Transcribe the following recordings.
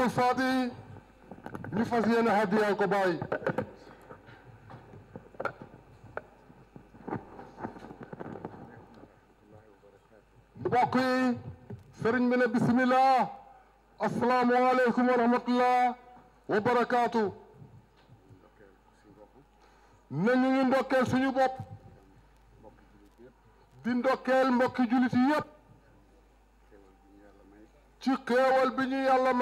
الصوت الفاضي لفضلنا هدي القبائل بوكي سرين من بسم الله السلام عليكم ورحمة الله وبركاته nañu ñu ndokkeel suñu bopp di ndokkeel mbokki jullit تي yépp ci xéewal bi ñu yàlla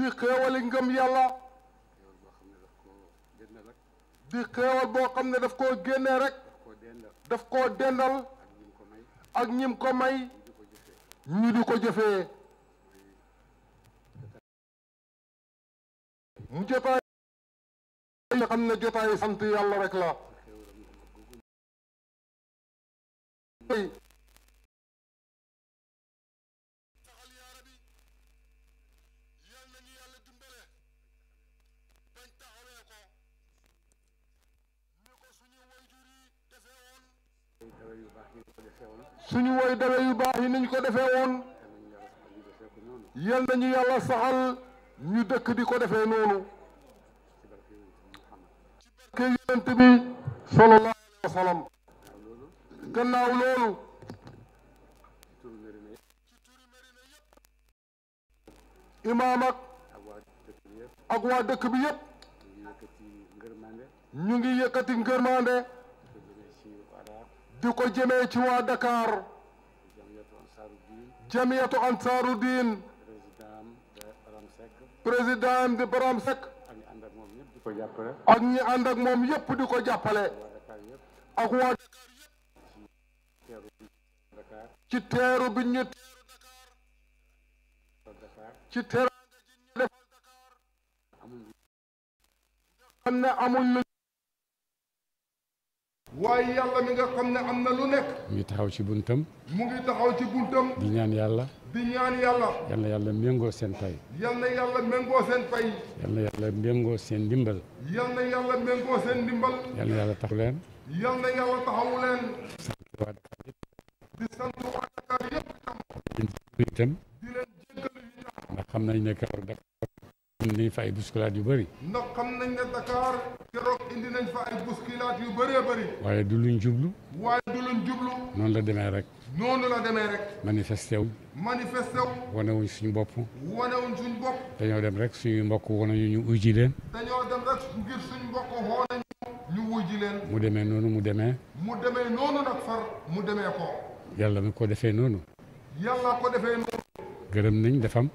di xeewali ngëm yàlla di xeewal boo xam ne daf ko génnee rek daf koo dendal ak ñim ko may ñu di ko jëfee mu jotaay nga xam ne jotaay sant yàlla rek la suñu woy dawe yu baax yi nañ ko defee woon yal ñu yàlla saxal ñu dëkk di ko defee noonu ci barke bi sallallahu alayhi wa sallam gannaaw loolu imaam ak waa dëkk bi yëpp ñu ngi yëkkati ngërmande di ko jëmee ci waa Dakar jamiyatu ansaaru diin président di Baram Seck ak ñi ànd ak moom yëpp di ko jàppale ak waa Dakar ci teeru bi ñu ci teeru xam ne amuñ waaye yàlla mi nga xam ne am na lu nekk. mu ngi taxaw ci buntam. mu ngi taxaw ci buntam. di ñaan yàlla. di ñaan yàlla. yal na yàlla méngoo seen pay. yal na yàlla méngoo seen pay. yal na yàlla méngoo seen ndimbal. na yàlla leen. yal sant waa Dakar yëpp. di sant di leen jéggalu itam. di leen jéggalu xam ne keroog Dakar. indi fa ay bousculade yu bari ndax xam nañ ne Dakar. keroog indi nañ fa ay bousculade yu bëree bëri. waaye du luñ jublu. waaye du luñ jublu. noonu la demee rek. noonu la demee rek. manifesté wu. manifesté suñu bopp. wane wuñ bopp. dañoo dem rek suñu mbokk wane ñu ñu dañoo dem rek ngir suñu mbokk woo nañu mu demee noonu mu demee. mu demee noonu nag far mu demee ko. yàlla mi ko defee noonu. yàlla ko defee noonu. gërëm nañ defam.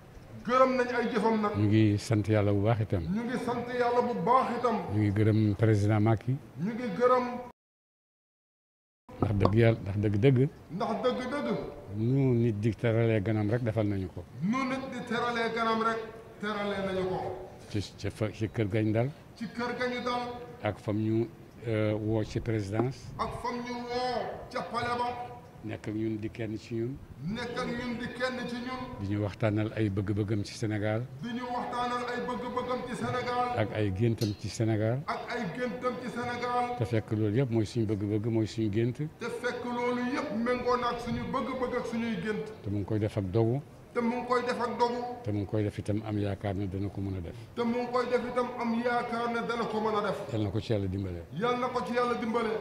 gërëm nañ ay jëfam nag. ñu ngi sant yàlla bu baax itam. ñu ngi sant yàlla bu baax itam. ñu ngi gërëm président Macky. ñu ngi gërëm. ndax dëgg yàlla ndax dëgg dëgg. ndax dëgg dëgg. nu nit di teralee ganam rek defal nañu ko. ci ci kër gañ dal. ci kër gañu dal. ak fam ñu euh, woo ci présidence. ak fam ñu woo ca ba. nekk ak ñun di kenn ci ñun. nekk ñun di kenn ci ñun. di ñu waxtaanal ay bëgg-bëggam ci Sénégal. ak ay géntam ci Sénégal. ak ay géntam ci Sénégal. te fekk loolu yëpp mooy suñu bëgg-bëgg mooy suñu gént. te fekk loolu yëpp méngoo suñu bëgg-bëgg ak suñuy gént. te mu ngi koy def ak dogu. te mu ngi koy def ak dogu. te mu koy def itam am yaakaar ne dana ko mën a def. te mu koy def itam am yaakaar ne dana ko mën a def. yal na ko ci yàlla dimbale. yal na ko ci yàlla dimbale.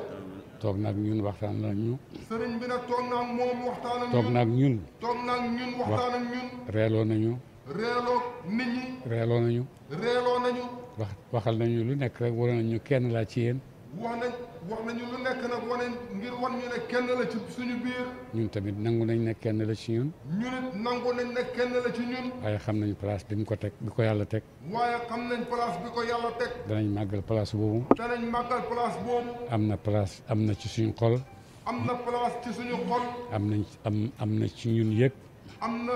toog nag ñun waxtaan na ñu. sëriñ bi nag toog naag moom waxtaan ak ñun. toog naag ñun. toog ñun waxtaan ak ñun. reeloo nañu. reeloo nit ñi. reeloo nañu. reeloo nañu. wax waxal nañu lu nekk rek waroon ñu kenn laa ci yéen. wax nañ ñun tamit nangu nañ ne kenn la ci ñun. waaye xam nañ place bi mu ko teg bi ko yàlla teg. waaye xam nañ place bi ko yàlla teg. danañ màggal place boobu. danañ màggal place boobu. am na place am na ci suñu xol. am na place ci suñu xol. am nañ am am na ci ñun am na.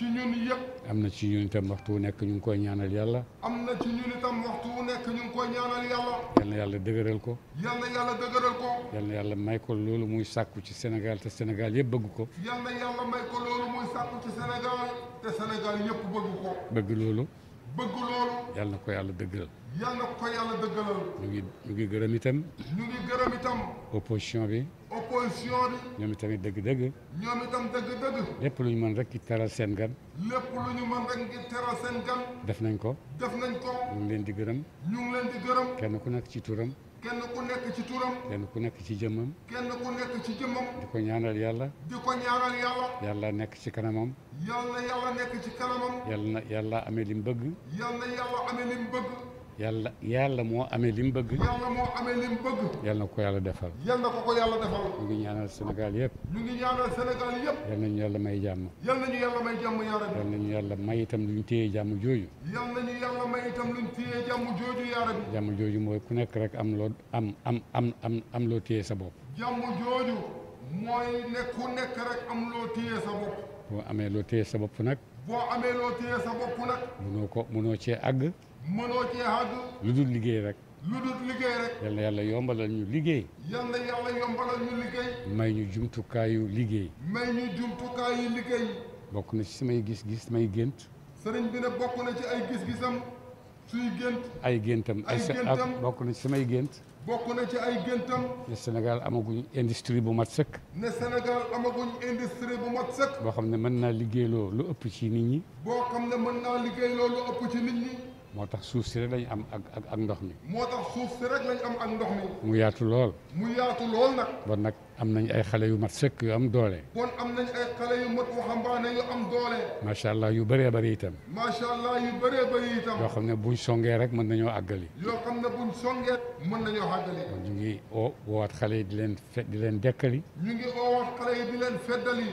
ci ñun yëpp. am na ci ñun itam waxtu wu nekk ñu ngi koy ñaanal yàlla. am na ci ñun itam waxtu wu nekk ñu ngi koy ñaanal yàlla. yal na yàlla dëgëral ko. yal na yàlla dëgëral ko. yal na yàlla may ko loolu muy sàkku ci Sénégal te Sénégal yëpp bëgg ko. yal na yàlla may ko loolu muy sàkku ci Sénégal te Sénégal yëpp bëgg ko. bëgg loolu. bëgg loolu. yal na ko yàlla dëgëral. yàlla ko yàlla dëggalal. ñu ngi ñu ngi gërëm itam. ñu ngi gërëm itam. opposition bi. opposition bi. ñoom itamit dëgg-dëgg. ñoom itam dëgg-dëgg. lépp lu ñu mën rek ci teral seen gan. lépp lu ñu mën rek ci teral seen gan. def nañ ko. def nañ ko. ñu ngi leen di gërëm. ñu ngi leen di gërëm. kenn ku nekk ci turam. kenn ku nekk ci turam. kenn ku nekk ci jëmmam. kenn ku nekk ci jëmmam. di ko ñaanal yàlla. di ko ñaanal yàlla. yàlla nekk ci kanamam. yàlla yàlla nekk ci kanamam. yàlla na yàlla amee bëgg. yàlla yàlla amee li bëgg. yàlla yàlla moo amee li mu bëgg. yàlla moo amee li mu bëgg. yàlla na ko yàlla defal. yàlla na ko ko yàlla defal. ñu ngi ñaanal Sénégal yëpp. ñu ngi ñaanal Sénégal yëpp. yàlla nañu yàlla may jàmm. yàlla nañu yàlla may jàmm yaa rabbi. yàlla nañu yàlla may itam lu ñu téye jàmm jooju. yàlla nañu yàlla may itam lu ñu téye jàmm jooju yaa rabbi. jàmm jooju mooy ku nekk rek am loo am am am am am loo téye sa bopp. jàmm jooju mooy ne ku nekk rek am loo téye sa bopp. boo amee loo téye sa bopp nag. boo amee loo téye sa bopp nag. munoo ko munoo cee àgg mënoo cee àddu. lu dul liggéey rek. lu dul liggéey rek. yal na yàlla yombalal ñu liggéey. yal na yàlla yombalal ñu liggéey. may ñu jumtukaayu liggéey. may ñu jumtukaayu liggéey. bokk na ci samay gis-gis samay gént. sëriñ bi ne bokk na ci ay gis-gisam suy gént. ay géntam ay géntam bokk na ci samay gént. bokk na ci ay géntam. ne Sénégal amaguñ industrie bu mat sëkk. ne Sénégal amaguñ industrie bu mat sëkk. boo xam ne mën naa liggéeyloo lu ëpp ci nit ñi. boo xam ne mën naa liggéeyloo lu ëpp ci nit ñi. moo tax suuf si rek lañ am ak ak ndox mi. mu yaatu lool. mu yaatu lool nag. bon nag am nañu ay xale yu mat sëkk yu am doole. bon am nañ ay xale yu mat waxambaane yu am doole. macha allah yu bëree bëri itam. macha yoo xam ne buñ songee rek mën nañoo àggali. yoo ñu ngi oo woowaat xale yi di leen fe di leen dekkali. ñu ngi woowaat xale yi di leen feddali.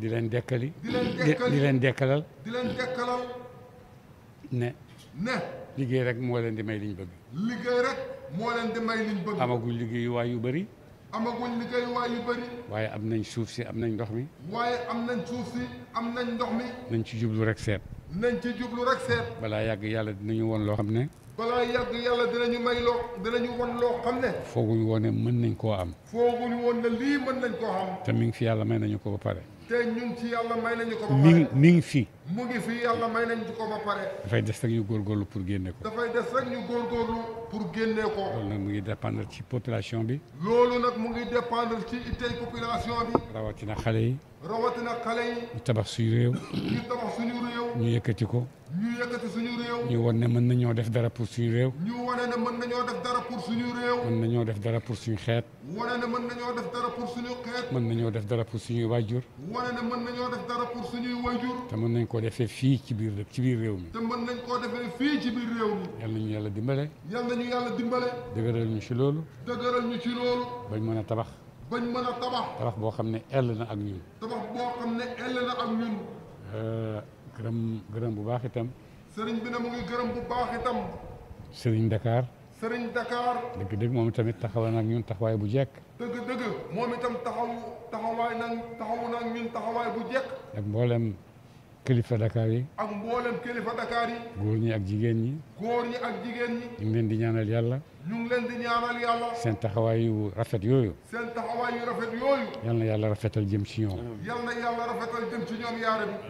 di leen dekkali. di di leen dekkalal. ne. ne. liggéey rek moo leen di may li ñu bëgg. liggéey rek moo leen di may li bëgg. amaguñ liggéeyuwaay yu bëri. amaguñ liggéeyuwaay yu bëri. waaye am nañ suuf si am nañ ndox mi. waaye am nañ suuf si am nañ ndox mi. nañ ci jublu rek seet. nañ ci jublu rek seet. balaa yàgg yàlla dinañu woon loo xam ne. balaa yàgg yàlla dinañu may loo dinañu won loo xam ne. fooguñu woon mën nañ koo am. fooguñu woon ne lii mën nañ koo am. te mi ngi fi yàlla may nañu ko ba pare. te ci yàlla may nañu ko. mi mi ngi fi. mu ngi fi yàlla may nañu ko ba pare. dafay des ñu góorgóorlu pour génne ko. dafay des ñu góorgóorlu pour génne ko. loolu nag mu ngi dépendre ci population bi. loolu nag mu ngi dépendre ci ittey population bi. rawatina xale yi. rawatina xale yi. ñu tabax suñu réew. ñu tabax ko. ñu yëkkati suñu. ñu wan ne mën nañoo def dara pour suñu réew. ñu mën nañoo def dara pour réew. mën nañoo def dara pour suñu xeet. wane ne mën nañoo def dara pour suñu xeet. mën nañoo waajur. te mën nañ koo defee fii ci ci biir réew mi. te mën nañ koo defee fii ci biir réew mi. yal nañu yàlla dimbale. yal nañu yàlla dimbale. dëgëral ñu ci loolu. bañ mën a tabax. bañ mën a tabax. tabax boo xam ne ell na ak ñun. tabax boo xam ne ell na ak ñun. Euh, gërëm gërëm bu baax tem sëriñ bi ne mu ngi gërëm bu baax itam. sëriñ Dakar. sëriñ Dakar. dëgg-dëgg moom tamit taxawal na ak taxawaay bu jekk. dëgg-dëgg moom itam taxawu taxawaay na taxawu na ak ñun taxawaay bu jekk. ak mboolem kilifa Dakar yi. ak mboolem kilifa Dakar yi. góor ñi ak jigéen ñi. góor ñi ak jigéen ñi. ñu leen di ñaanal yàlla. ñu leen di ñaanal yàlla. seen taxawaay rafet yooyu. seen taxawaay rafet yooyu. yal yàlla rafetal jëm ci ñoom. yal yàlla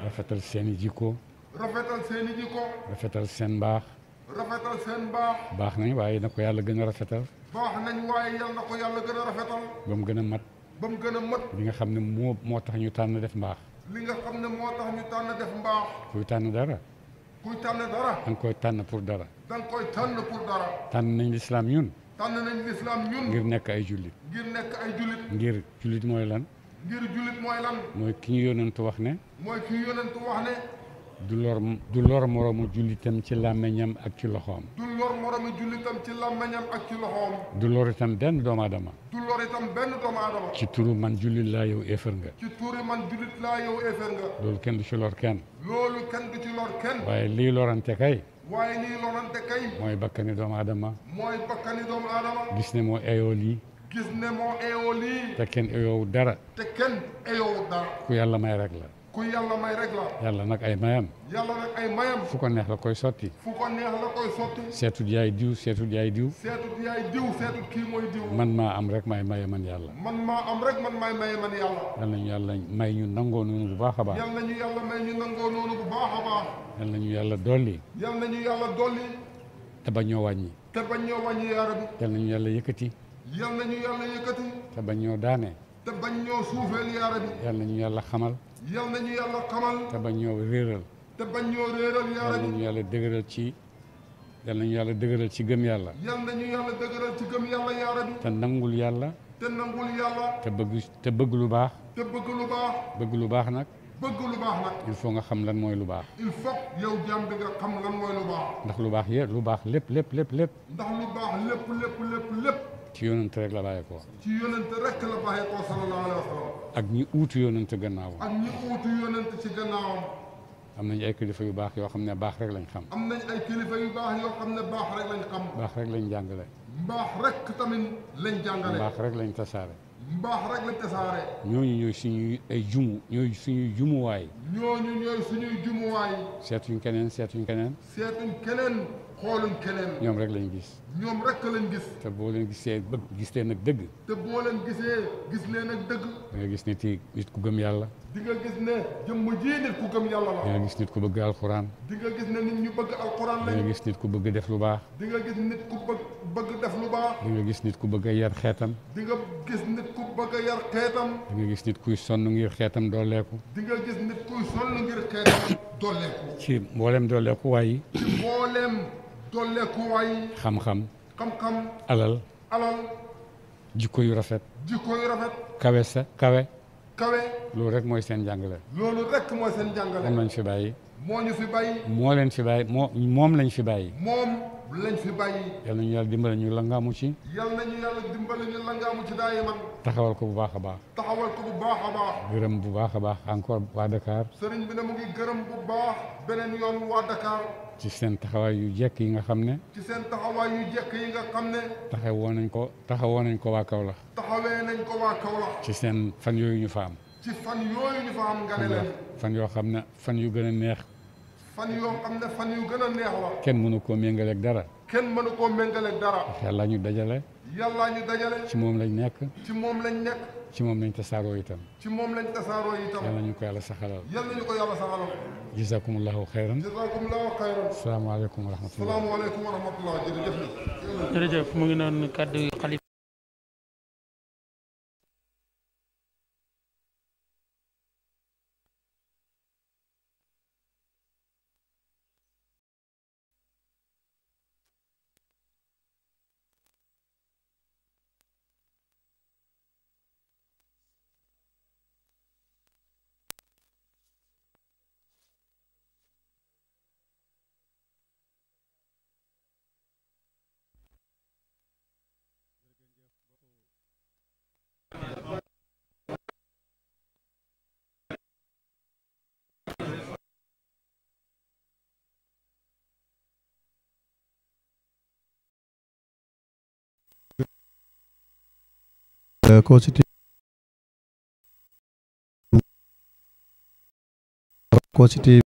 rafetal seen i jikko. rafetal seen i jikko rafetal seen baax rafetal seen baax baax nañ waaye na ko yàlla gën a rafetal baax nañ waaye yàlla na ko yàlla gën a rafetal ba mu gën a mat ba mu gën a mat li nga xam ne moo moo tax ñu tànn def mbaax li nga xam ne moo tax ñu tànn def mbaax kuy tànn dara kuy tànn dara da nga koy tànn pour dara da nga koy tànn pour dara tànn nañ lislaam ñun tànn nañ lislaam ñun ngir nekk ay jullit ngir nekk ay jullit ngir jullit mooy lan ngir julit mooy lan mooy ki ñu yonentu wax ne mooy ki ñu yonentu wax ne du lor du jullitam ci làmmeñam ak ci loxoom. du lor moromu jullitam ci làmmeñam ak ci loxoom. du lor itam benn doomu aadama. du lor itam benn doomu aadama. ci turu man jullit laa yow éefar nga. loolu kenn du ci lor kenn. loolu kenn du ci lor kenn. waaye lii lorante kay. waaye lii lorante kay. mooy bakkani doomu aadama. mooy bakkani doomu aadama. gis ne moo eyoo lii. gis ne moo eyoo lii. te kenn eyoowu dara. te kenn eyoowu dara. ku yàlla may rekk la. yàlla nag ay mayam. yàlla nag fu ko neex la koy sotti. fu ko neex la koy sotti. seetut yaay diw seetut yaay diw. seetut kii mooy diw. man maa am rek may man yàlla. man maa am rek man may man yàlla. yal nañu yàlla may ñu nangoo noonu bu baax a baax. yal nañu ñu bu baax a baax. yal nañu yàlla dolli. yal nañu yàlla dolli. te bañ wàññi. te bañ wàññi yaa rabbi. yal nañu yàlla yëkkati. yal nañu yàlla yëkkati. te bañ daane. te bañ ñoo suufeel yaa rabbi yal nañu yàlla xamal yal nañu yàlla xamal te bañ ñoo réeral te bañ ñoo réeral yaa rabbi ci yal yàlla dëgëral ci gëm yàlla yal yàlla dëgëral ci te nangul yàlla te nangul yàlla te bëgg lu baax te bëgg lu baax bëgg lu baax nag bëgg lu baax nag il faut nga xam lan mooy lu baax il faut yow jaam bi nga xam lan mooy lu baax ndax lu baax yé lu baax lépp lépp lépp ndax lu baax lépp lépp lépp lépp ci yonent rek la bàyyi ko ci yonent rek la bàyyi ko sallallahu alayhi ak ñi uutu yonent gannaawam ak ñi uutu yonent ci gannaawam am nañ ay kilifa yu baax yoo xam ne baax rek lañ xam am nañ ay kilifa yu baax yoo xam ne baax rek lañ xam baax rek lañ jàngale baax rek tamit lañ jàngale baax rek lañ tasaare baax rek lañ tasaare ñooñu ñooy suñuy ay jumu ñooy suñuy jumuwaay ñooñu ñooy suñuy jumuwaay seetuñ keneen seetuñ keneen seetuñ keneen xooluñ rek lañ gis. ñoom rek lañ gis. te boo leen gisee nit ku gëm yàlla. di gis nit ku bëgg alxuraan. gis nit ku bëgg def lu baax. gis nit ku bëgg def lu baax. gis nit ku bëgg yar xeetam. di gis nit kuy sonn ngir xeetam dooleeku. di gis nit kuy sonn ngir xeetam dooleeku. ci mboolem dooleeku waaye. ci mboolem dolleeku waay. xam-xam. xam-xam. alal. alal. jikko yu rafet. jikko yu rafet. kawe sa kawe. kawe. loolu rek mooy seen jàngale. loolu rek mooy seen jàngale. moom lañ fi bàyyi. moo leen fi bàyyi moo moom lañ fi bàyyi. moom lañ fi bàyyi. yal nañu yàlla dimbale ñu langaamu ci. yal nañu yàlla dimbale ñu langaamu ci daay man. taxawal ko bu baax a baax. taxawal ko bu baax a baax. gërëm bu baax a baax encore waa Dakar. sëriñ bi ne mu ngi gërëm bu baax beneen yoon waa Dakar. ci seen taxawaay yu jekk yi nga xam ne. ci seen taxawaay yu jekk yi nga xam ne. taxawoo nañ ko taxawoo nañ ko waa Kaolack. taxawee nañ ko waa Kaolack. ci seen fan yooyu ñu fa am. ci fan yooyu ñu fa am nga fan yoo xam ne fan yu gën a neex. fan yoo xam ne fan yu gën a neex la. kenn mënu koo méngaleeg dara. kenn mënu koo méngaleeg dara. yàlla ñu dajale. yàlla ñu dajale. ci moom lañ nekk. ci moom lañ nekk. ci moom lañ tasaaroo itam. ci moom lañ tasaaroo itam. yal nañu ko yàlla saxalal. yal nañu ko yàlla saxalal. jazakumullahu xayran. jazakumullahu xayran. salaamaaleykum wa rahmatulah. salaamaaleykum wa rahmatulah jërëjëf. jërëjëf mu ngi noonu kaddu yi xalifa constitution constitution